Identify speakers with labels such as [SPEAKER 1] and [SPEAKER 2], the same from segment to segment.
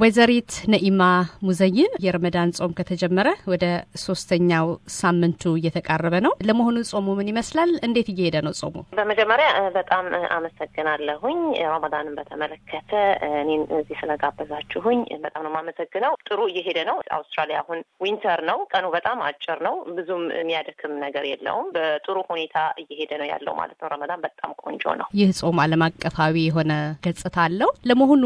[SPEAKER 1] ወይዘሪት ነኢማ ሙዘይን የረመዳን ጾም ከተጀመረ ወደ ሶስተኛው ሳምንቱ እየተቃረበ ነው። ለመሆኑ ጾሙ ምን ይመስላል? እንዴት እየሄደ ነው ጾሙ?
[SPEAKER 2] በመጀመሪያ በጣም አመሰግናለሁኝ ረመዳንን በተመለከተ እኔን እዚህ ስለጋበዛችሁኝ በጣም ነው የማመሰግነው። ጥሩ እየሄደ ነው። አውስትራሊያ አሁን ዊንተር ነው። ቀኑ በጣም አጭር ነው። ብዙም የሚያደክም ነገር የለውም። በጥሩ ሁኔታ እየሄደ ነው ያለው ማለት ነው። ረመዳን በጣም ቆንጆ ነው።
[SPEAKER 1] ይህ ጾም ዓለም አቀፋዊ የሆነ ገጽታ አለው። ለመሆኑ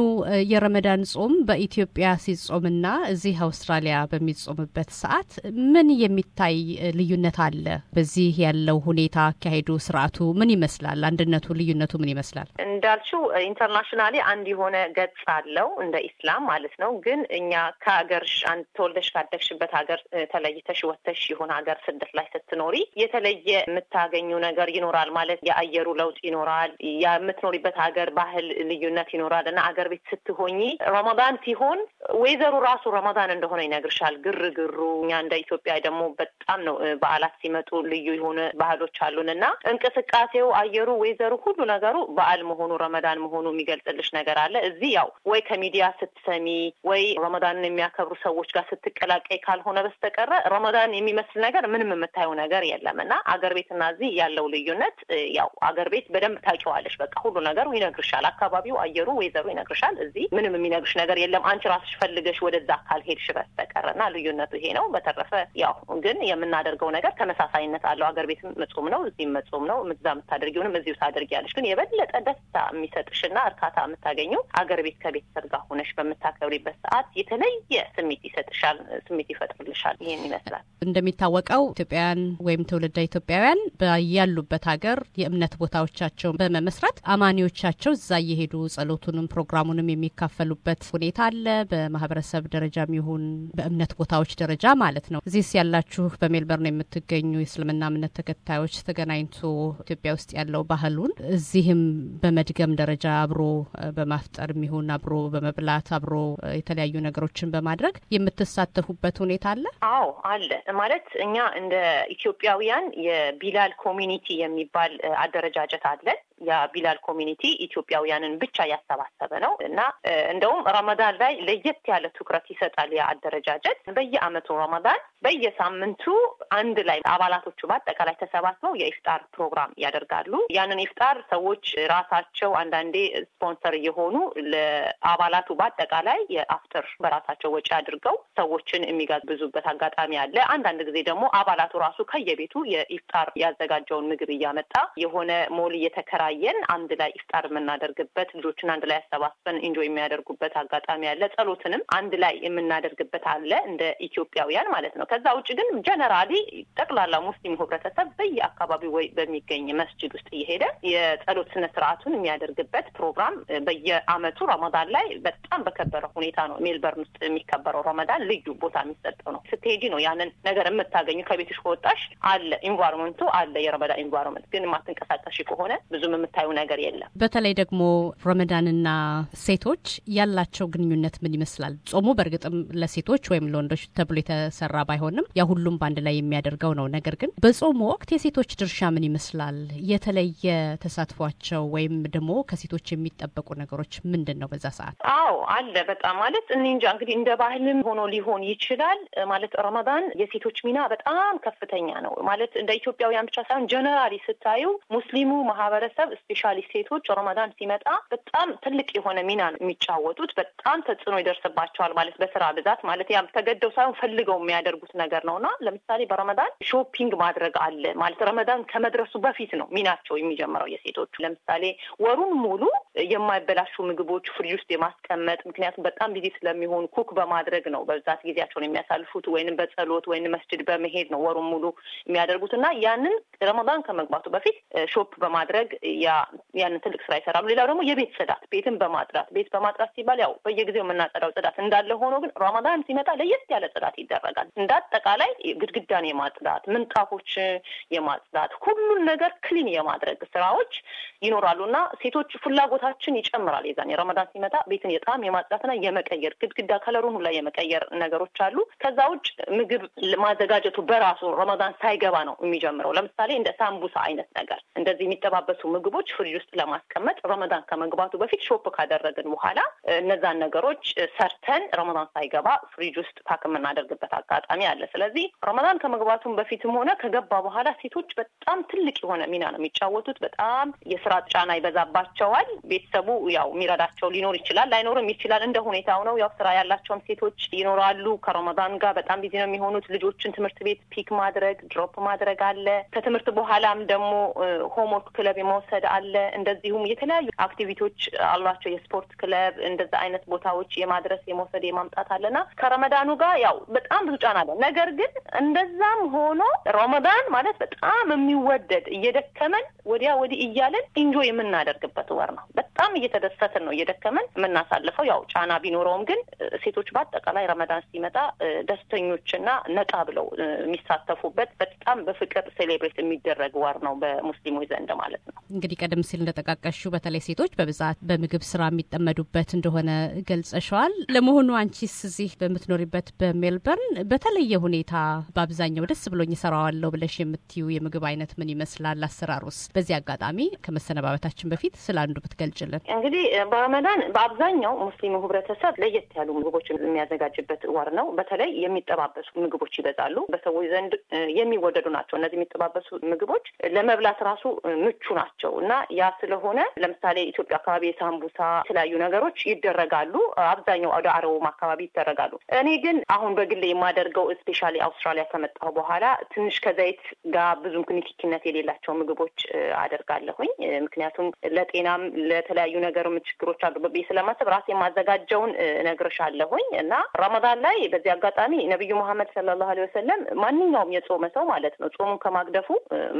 [SPEAKER 1] የረመዳን ጾም በኢትዮጵያ ሲጾምና እዚህ አውስትራሊያ በሚጾምበት ሰዓት ምን የሚታይ ልዩነት አለ? በዚህ ያለው ሁኔታ፣ አካሄዱ፣ ስርዓቱ ምን ይመስላል? አንድነቱ፣ ልዩነቱ ምን ይመስላል?
[SPEAKER 2] እንዳልችው ኢንተርናሽናሊ አንድ የሆነ ገጽ አለው እንደ ኢስላም ማለት ነው። ግን እኛ ከሀገርሽ አንድ ተወልደሽ ካደግሽበት ሀገር ተለይተሽ ወተሽ የሆነ ሀገር ስደት ላይ ስትኖሪ የተለየ የምታገኙ ነገር ይኖራል ማለት የአየሩ ለውጥ ይኖራል፣ የምትኖሪበት ሀገር ባህል ልዩነት ይኖራል እና አገር ቤት ስትሆኝ ረመዳን ሲሆን ወይዘሩ ራሱ ረመዳን እንደሆነ ይነግርሻል። ግርግሩ እኛ እንደ ኢትዮጵያ ደግሞ በጣም ነው በዓላት ሲመጡ ልዩ የሆነ ባህሎች አሉን እና እንቅስቃሴው፣ አየሩ፣ ወይዘሩ ሁሉ ነገሩ በዓል መሆኑ ረመዳን መሆኑ የሚገልጽልሽ ነገር አለ። እዚህ ያው ወይ ከሚዲያ ስትሰሚ ወይ ረመዳንን የሚያከብሩ ሰዎች ጋር ስትቀላቀይ ካልሆነ በስተቀረ ረመዳን የሚመስል ነገር ምንም የምታየው ነገር የለም እና አገር ቤትና እዚህ ያለው ልዩነት ያው አገር ቤት በደንብ ታውቂዋለሽ። በቃ ሁሉ ነገሩ ይነግርሻል። አካባቢው፣ አየሩ፣ ወይዘሩ ይነግርሻል። እዚህ ምንም የሚነግርሽ ነገር የለም። አንቺ ራስሽ ፈልገሽ ወደዛ ካልሄድሽ በስተቀር እና ልዩነቱ ይሄ ነው። በተረፈ ያው ግን የምናደርገው ነገር ተመሳሳይነት አለው። ሀገር ቤት መጾም ነው፣ እዚህም መጾም ነው። እዛ የምታደርጊውንም እዚሁ ታደርጊያለሽ። ግን የበለጠ ደስታ የሚሰጥሽና እርካታ የምታገኙ ሀገር ቤት ከቤተሰብ ጋር ሆነሽ በምታከብሪበት ሰዓት የተለየ ስሜት ይሰጥሻል፣ ስሜት ይፈጥርልሻል። ይህን ይመስላል።
[SPEAKER 1] እንደሚታወቀው ኢትዮጵያውያን ወይም ትውልደ ኢትዮጵያውያን ያሉበት ሀገር የእምነት ቦታዎቻቸውን በመመስረት አማኒዎቻቸው እዛ እየሄዱ ጸሎቱንም ፕሮግራሙንም የሚካፈሉበት ሁኔታ አለ። በማህበረሰብ ደረጃም ይሁን በእምነት ቦታዎች ደረጃ ማለት ነው። እዚህስ ያላችሁ በሜልበርን የምትገኙ የእስልምና እምነት ተከታዮች ተገናኝቶ ኢትዮጵያ ውስጥ ያለው ባህሉን እዚህም በመድገም ደረጃ አብሮ በማፍጠር የሚሆን አብሮ በመብላት አብሮ የተለያዩ ነገሮችን በማድረግ የምትሳተፉበት ሁኔታ አለ?
[SPEAKER 2] አዎ አለ። ማለት እኛ እንደ ኢትዮጵያውያን የቢላል ኮሚኒቲ የሚባል አደረጃጀት አለን። የቢላል ኮሚኒቲ ኢትዮጵያውያንን ብቻ ያሰባሰበ ነው እና እንደውም ረመዳን ላይ ለየት ያለ ትኩረት ይሰጣል። የአደረጃጀት በየአመቱ ረመዳን በየሳምንቱ አንድ ላይ አባላቶቹ በአጠቃላይ ተሰባስበው የኢፍጣር ፕሮግራም ያደርጋሉ። ያንን ኢፍጣር ሰዎች ራሳቸው አንዳንዴ ስፖንሰር የሆኑ ለአባላቱ በአጠቃላይ የአፍጥር በራሳቸው ወጪ አድርገው ሰዎችን የሚጋብዙበት አጋጣሚ አለ። አንዳንድ ጊዜ ደግሞ አባላቱ ራሱ ከየቤቱ የኢፍጣር ያዘጋጀውን ምግብ እያመጣ የሆነ ሞል እየተከራ። እየታየን አንድ ላይ ኢፍጣር የምናደርግበት ልጆችን አንድ ላይ አሰባስበን ኢንጆይ የሚያደርጉበት አጋጣሚ አለ። ጸሎትንም አንድ ላይ የምናደርግበት አለ እንደ ኢትዮጵያውያን ማለት ነው። ከዛ ውጭ ግን ጀነራሊ ጠቅላላ ሙስሊም ህብረተሰብ በየአካባቢው ወይ በሚገኝ መስጅድ ውስጥ እየሄደ የጸሎት ስነ ስርዓቱን የሚያደርግበት ፕሮግራም በየአመቱ ረመዳን ላይ በጣም በከበረ ሁኔታ ነው ሜልበርን ውስጥ የሚከበረው ረመዳን ልዩ ቦታ የሚሰጠው ነው። ስትሄጂ ነው ያንን ነገር የምታገኙ። ከቤትሽ ከወጣሽ አለ ኢንቫይሮመንቱ አለ የረመዳን ኢንቫይሮመንት ግን የማትንቀሳቀሽ ከሆነ ብዙም የምታዩ ነገር የለም።
[SPEAKER 1] በተለይ ደግሞ ረመዳንና ሴቶች ያላቸው ግንኙነት ምን ይመስላል? ጾሙ በእርግጥም ለሴቶች ወይም ለወንዶች ተብሎ የተሰራ ባይሆንም ያ ሁሉም በአንድ ላይ የሚያደርገው ነው። ነገር ግን በጾሙ ወቅት የሴቶች ድርሻ ምን ይመስላል? የተለየ ተሳትፏቸው ወይም ደግሞ ከሴቶች የሚጠበቁ ነገሮች ምንድን ነው በዛ ሰዓት?
[SPEAKER 2] አዎ አለ በጣም ማለት እኔ እንጃ እንግዲህ እንደ ባህልም ሆኖ ሊሆን ይችላል። ማለት ረመዳን የሴቶች ሚና በጣም ከፍተኛ ነው። ማለት እንደ ኢትዮጵያውያን ብቻ ሳይሆን ጀነራሊ ስታዩ ሙስሊሙ ማህበረሰብ ማህበረሰብ ስፔሻሊ ሴቶች ረመዳን ሲመጣ በጣም ትልቅ የሆነ ሚና ነው የሚጫወቱት። በጣም ተጽዕኖ ይደርስባቸዋል ማለት በስራ ብዛት ማለት ያም ተገደው ሳይሆን ፈልገው የሚያደርጉት ነገር ነው እና ለምሳሌ በረመዳን ሾፒንግ ማድረግ አለ ማለት ረመዳን ከመድረሱ በፊት ነው ሚናቸው የሚጀምረው የሴቶቹ። ለምሳሌ ወሩን ሙሉ የማይበላሹ ምግቦች ፍሪጅ ውስጥ የማስቀመጥ ምክንያቱም በጣም ቢዚ ስለሚሆኑ ኩክ በማድረግ ነው በብዛት ጊዜያቸውን የሚያሳልፉት ወይንም በጸሎት ወይም መስጅድ በመሄድ ነው ወሩን ሙሉ የሚያደርጉት እና ያንን ረመዳን ከመግባቱ በፊት ሾፕ በማድረግ ያንን ትልቅ ስራ ይሰራሉ። ሌላው ደግሞ የቤት ጽዳት፣ ቤትን በማጽዳት ቤት በማጽዳት ሲባል ያው በየጊዜው የምናጸዳው ጽዳት እንዳለ ሆኖ ግን ረመዳን ሲመጣ ለየት ያለ ጽዳት ይደረጋል። እንደ አጠቃላይ ግድግዳን የማጽዳት ምንጣፎች የማጽዳት ሁሉን ነገር ክሊን የማድረግ ስራዎች ይኖራሉ እና ሴቶች ፍላጎታችን ይጨምራል። የዛኔ የረመዳን ሲመጣ ቤትን የጣም የማጽዳትና የመቀየር ግድግዳ ከለሩን ሁላ የመቀየር ነገሮች አሉ። ከዛ ውጭ ምግብ ማዘጋጀቱ በራሱ ረመዳን ሳይገባ ነው የሚጀምረው። ለምሳሌ እንደ ሳምቡሳ አይነት ነገር እንደዚህ የሚጠባበሱ ምግቦች ፍሪጅ ውስጥ ለማስቀመጥ ረመዳን ከመግባቱ በፊት ሾፕ ካደረግን በኋላ እነዛን ነገሮች ሰርተን ረመዳን ሳይገባ ፍሪጅ ውስጥ ፓክ የምናደርግበት አጋጣሚ አለ። ስለዚህ ረመዳን ከመግባቱም በፊትም ሆነ ከገባ በኋላ ሴቶች በጣም ትልቅ የሆነ ሚና ነው የሚጫወቱት። በጣም የስራ ጫና ይበዛባቸዋል። ቤተሰቡ ያው የሚረዳቸው ሊኖር ይችላል፣ ላይኖርም ይችላል። እንደ ሁኔታው ነው። ያው ስራ ያላቸውም ሴቶች ይኖራሉ። ከረመዳን ጋር በጣም ቢዚ ነው የሚሆኑት። ልጆችን ትምህርት ቤት ፒክ ማድረግ ድሮፕ ማድረግ አለ። ከትምህርት በኋላም ደግሞ ሆምወርክ ክለብ የመውሰድ መውሰድ አለ። እንደዚሁም የተለያዩ አክቲቪቲዎች አሏቸው። የስፖርት ክለብ እንደዛ አይነት ቦታዎች የማድረስ የመውሰድ የማምጣት አለና ከረመዳኑ ጋር ያው በጣም ብዙ ጫና አለ። ነገር ግን እንደዛም ሆኖ ረመዳን ማለት በጣም የሚወደድ እየደከመን ወዲያ ወዲህ እያለን ኢንጆ የምናደርግበት ወር ነው። በጣም እየተደሰትን ነው እየደከመን የምናሳልፈው። ያው ጫና ቢኖረውም ግን ሴቶች በአጠቃላይ ረመዳን ሲመጣ ደስተኞችና ነቃ ብለው የሚሳተፉበት በጣም በፍቅር ሴሌብሬት የሚደረግ ወር ነው በሙስሊሞች ዘንድ ማለት ነው።
[SPEAKER 1] እንግዲህ ቀደም ሲል እንደጠቃቀሹ በተለይ ሴቶች በብዛት በምግብ ስራ የሚጠመዱበት እንደሆነ ገልጸሸዋል። ለመሆኑ አንቺስ እዚህ በምትኖሪበት በሜልበርን በተለየ ሁኔታ በአብዛኛው ደስ ብሎኝ ሰራዋለው ብለሽ የምትዩ የምግብ አይነት ምን ይመስላል? አሰራሩስ? በዚህ አጋጣሚ ከመሰነባበታችን በፊት ስለ አንዱ ብትገልጭልን።
[SPEAKER 2] እንግዲህ በረመዳን በአብዛኛው ሙስሊሙ ህብረተሰብ ለየት ያሉ ምግቦችን የሚያዘጋጅበት ወር ነው። በተለይ የሚጠባበሱ ምግቦች ይበዛሉ። በሰዎች ዘንድ የሚወደዱ ናቸው። እነዚህ የሚጠባበሱ ምግቦች ለመብላት ራሱ ምቹ ናቸው። ናቸው እና ያ ስለሆነ ለምሳሌ ኢትዮጵያ አካባቢ የሳምቡሳ የተለያዩ ነገሮች ይደረጋሉ። አብዛኛው ወደ አረቡም አካባቢ ይደረጋሉ። እኔ ግን አሁን በግሌ የማደርገው ስፔሻሊ አውስትራሊያ ከመጣሁ በኋላ ትንሽ ከዘይት ጋር ብዙም ንክኪነት የሌላቸው ምግቦች አደርጋለሁኝ። ምክንያቱም ለጤናም ለተለያዩ ነገርም ችግሮች አሉ ብዬ ስለማሰብ ራሴ የማዘጋጀውን እነግርሻለሁኝ እና ረመዳን ላይ በዚህ አጋጣሚ ነቢዩ መሐመድ ሰለላሁ ዐለይሂ ወሰለም ማንኛውም የጾመ ሰው ማለት ነው ጾሙን ከማግደፉ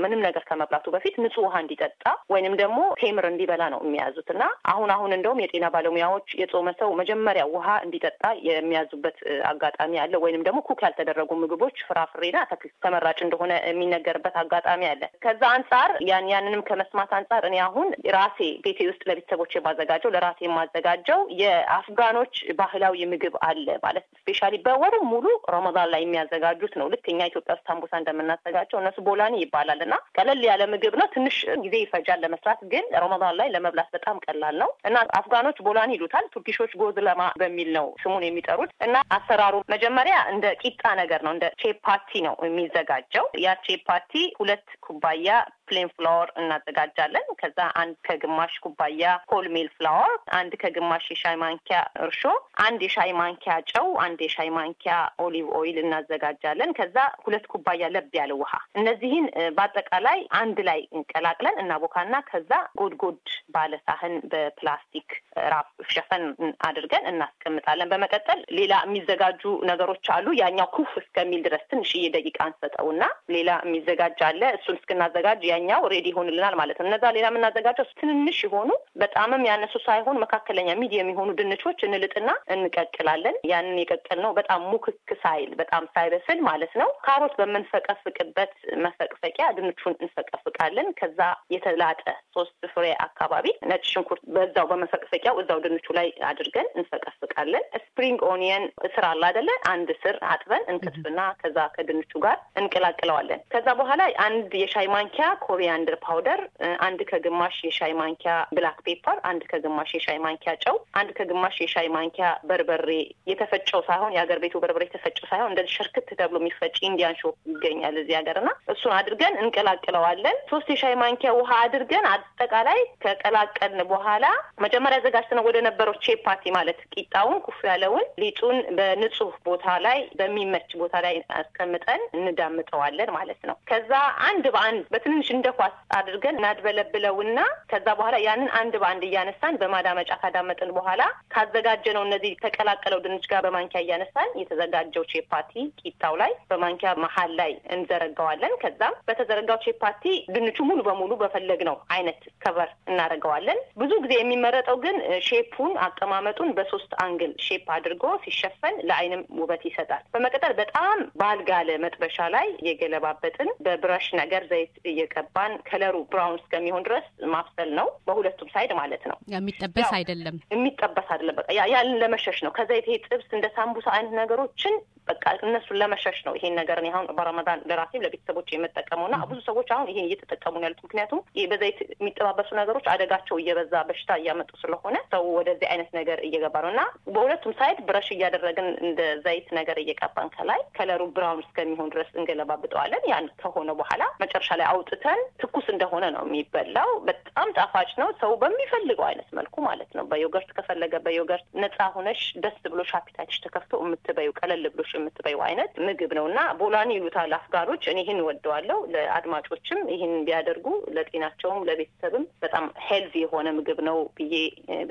[SPEAKER 2] ምንም ነገር ከመብላቱ በፊት ንጹህ ውሃ እንዲጠጣ ወይንም ደግሞ ቴምር እንዲበላ ነው የሚያዙት እና አሁን አሁን እንደውም የጤና ባለሙያዎች የጾመ ሰው መጀመሪያ ውሃ እንዲጠጣ የሚያዙበት አጋጣሚ አለ። ወይንም ደግሞ ኩክ ያልተደረጉ ምግቦች ፍራፍሬና አትክልት ተመራጭ እንደሆነ የሚነገርበት አጋጣሚ አለ። ከዛ አንጻር ያን ያንንም ከመስማት አንጻር እኔ አሁን ራሴ ቤቴ ውስጥ ለቤተሰቦች የማዘጋጀው ለራሴ የማዘጋጀው የአፍጋኖች ባህላዊ ምግብ አለ ማለት ስፔሻሊ በወሩ ሙሉ ረመዳን ላይ የሚያዘጋጁት ነው። ልክ እኛ ኢትዮጵያ ውስጥ ታንቦሳ እንደምናዘጋጀው እነሱ ቦላኒ ይባላል እና ቀለል ያለ ምግብ ነው። ትንሽ ጊዜ ይፈጃል። ጋር ለመስራት ግን ረመዳን ላይ ለመብላት በጣም ቀላል ነው እና አፍጋኖች ቦላን ይሉታል፣ ቱርኪሾች ጎዝለማ በሚል ነው ስሙን የሚጠሩት እና አሰራሩ መጀመሪያ እንደ ቂጣ ነገር ነው እንደ ቼፓቲ ነው የሚዘጋጀው። ያ ቼፓቲ ሁለት ኩባያ ፕሌን ፍላወር እናዘጋጃለን። ከዛ አንድ ከግማሽ ኩባያ ሆል ሜል ፍላወር፣ አንድ ከግማሽ የሻይ ማንኪያ እርሾ፣ አንድ የሻይ ማንኪያ ጨው፣ አንድ የሻይ ማንኪያ ኦሊቭ ኦይል እናዘጋጃለን። ከዛ ሁለት ኩባያ ለብ ያለ ውሃ፣ እነዚህን በአጠቃላይ አንድ ላይ እንቀላቅለን እናቦካና ከዛ ጎድጎድ ባለ ሳህን በፕላስቲክ ራፍ ሸፈን አድርገን እናስቀምጣለን። በመቀጠል ሌላ የሚዘጋጁ ነገሮች አሉ። ያኛው ኩፍ እስከሚል ድረስ ትንሽዬ ደቂቃ እንሰጠውና ሌላ የሚዘጋጅ አለ። እሱን እስክናዘጋጅ መዝናኛው ሬዲ ይሆንልናል ማለት ነው። እነዛ ሌላ የምናዘጋጀው ትንንሽ የሆኑ በጣምም ያነሱ ሳይሆን መካከለኛ ሚዲየም የሆኑ ድንቾች እንልጥና እንቀቅላለን። ያንን የቀቀልነው በጣም ሙክክ ሳይል በጣም ሳይበስል ማለት ነው። ካሮት በምንፈቀፍቅበት መፈቅፈቂያ ድንቹን እንፈቀፍቃለን። ከዛ የተላጠ ሶስት ፍሬ አካባቢ ነጭ ሽንኩርት በዛው በመፈቅፈቂያው እዛው ድንቹ ላይ አድርገን እንፈቀፍቃለን። ስፕሪንግ ኦኒየን ስር አለ አይደለ? አንድ ስር አጥበን እንከትፍና ከዛ ከድንቹ ጋር እንቀላቅለዋለን። ከዛ በኋላ አንድ የሻይ ማንኪያ ኮሪያንደር ፓውደር፣ አንድ ከግማሽ የሻይ ማንኪያ ብላክ ፔፐር፣ አንድ ከግማሽ የሻይ ማንኪያ ጨው፣ አንድ ከግማሽ የሻይ ማንኪያ በርበሬ የተፈጨው ሳይሆን የሀገር ቤቱ በርበሬ የተፈጨው ሳይሆን እንደ ሽርክት ተብሎ የሚፈጭ ኢንዲያን ሾ ይገኛል እዚህ ሀገር እና እሱን አድርገን እንቀላቅለዋለን። ሶስት የሻይ ማንኪያ ውሃ አድርገን አጠቃላይ ከቀላቀልን በኋላ መጀመሪያ አዘጋጅተነው ወደ ነበረው ቼፓቲ ማለት ቂጣውን ኩፍ ያለውን ሊጡን በንጹህ ቦታ ላይ በሚመች ቦታ ላይ አስቀምጠን እንዳምጠዋለን ማለት ነው። ከዛ አንድ በአንድ በትንንሽ እንደ ኳስ አድርገን እናድበለብለውና ከዛ በኋላ ያንን አንድ በአንድ እያነሳን በማዳመጫ ካዳመጥን በኋላ ካዘጋጀነው እነዚህ ተቀላቀለው ድንች ጋር በማንኪያ እያነሳን የተዘጋጀው ቼፓቲ ቂጣው ላይ በማንኪያ መሀል ላይ እንዘረጋዋለን። ከዛም በተዘረጋው ቼፓቲ ድንቹ ሙሉ በሙሉ በፈለግነው አይነት ከቨር እናደርገዋለን። ብዙ ጊዜ የሚመረጠው ግን ሼፑን አቀማመጡን በሶስት አንግል ሼፕ አድርጎ ሲሸፈን ለአይንም ውበት ይሰጣል። በመቀጠል በጣም ባልጋለ መጥበሻ ላይ የገለባበጥን በብራሽ ነገር ዘይት እየቀ እያጠባን ከለሩ ብራውን እስከሚሆን ድረስ ማብሰል ነው። በሁለቱም ሳይድ ማለት ነው።
[SPEAKER 1] የሚጠበስ አይደለም፣ የሚጠበስ አይደለም። በቃ
[SPEAKER 2] ያንን ለመሸሽ ነው። ከዛ ይሄ ጥብስ እንደ ሳምቡሳ አይነት ነገሮችን በቃ እነሱን ለመሸሽ ነው። ይሄን ነገር አሁን በረመዳን ለራሴም ለቤተሰቦች የምጠቀመው እና ብዙ ሰዎች አሁን ይሄን እየተጠቀሙ ነው ያሉት። ምክንያቱም በዘይት የሚጠባበሱ ነገሮች አደጋቸው እየበዛ በሽታ እያመጡ ስለሆነ ሰው ወደዚህ አይነት ነገር እየገባ ነው እና በሁለቱም ሳይድ ብረሽ እያደረግን እንደ ዘይት ነገር እየቀባን ከላይ ከለሩ ብራውን እስከሚሆን ድረስ እንገለባብጠዋለን። ያን ከሆነ በኋላ መጨረሻ ላይ አውጥተ አድርገን ትኩስ እንደሆነ ነው የሚበላው። በጣም ጣፋጭ ነው። ሰው በሚፈልገው አይነት መልኩ ማለት ነው። በዮገርት ከፈለገ በዮገርት ነጻ ሁነሽ ደስ ብሎሽ አፒታይትሽ ተከፍቶ የምትበዩ ቀለል ብሎሽ የምትበዩ አይነት ምግብ ነው እና ቦላን ይሉታል አፍጋሮች። እኔ ይህን ወደዋለሁ። ለአድማጮችም ይህን ቢያደርጉ ለጤናቸውም ለቤተሰብም በጣም ሄልዚ የሆነ ምግብ ነው ብዬ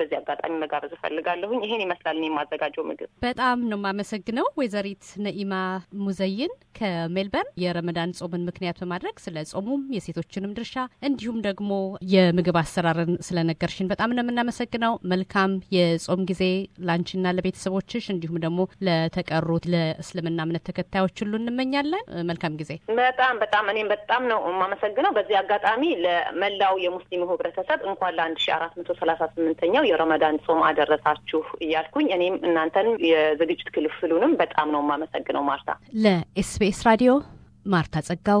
[SPEAKER 2] በዚህ አጋጣሚ መጋበዝ እፈልጋለሁኝ። ይህን ይመስላል እኔ የማዘጋጀው ምግብ።
[SPEAKER 1] በጣም ነው የማመሰግነው ወይዘሪት ነኢማ ሙዘይን ከሜልበርን የረመዳን ጾምን ምክንያት በማድረግ ስለ ጾሙም የሴ የሴቶችንም ድርሻ እንዲሁም ደግሞ የምግብ አሰራርን ስለነገርሽን በጣም ነው የምናመሰግነው። መልካም የጾም ጊዜ ላንችና ለቤተሰቦችሽ እንዲሁም ደግሞ ለተቀሩት ለእስልምና እምነት ተከታዮች ሁሉ እንመኛለን። መልካም ጊዜ። በጣም በጣም እኔም በጣም
[SPEAKER 2] ነው የማመሰግነው። በዚህ አጋጣሚ ለመላው የሙስሊሙ ህብረተሰብ እንኳን ለአንድ ሺ አራት መቶ ሰላሳ ስምንተኛው የረመዳን ጾም አደረሳችሁ እያልኩኝ እኔም እናንተን የዝግጅት ክፍሉንም በጣም ነው የማመሰግነው። ማርታ
[SPEAKER 1] ለኤስቢኤስ ራዲዮ ማርታ ጸጋው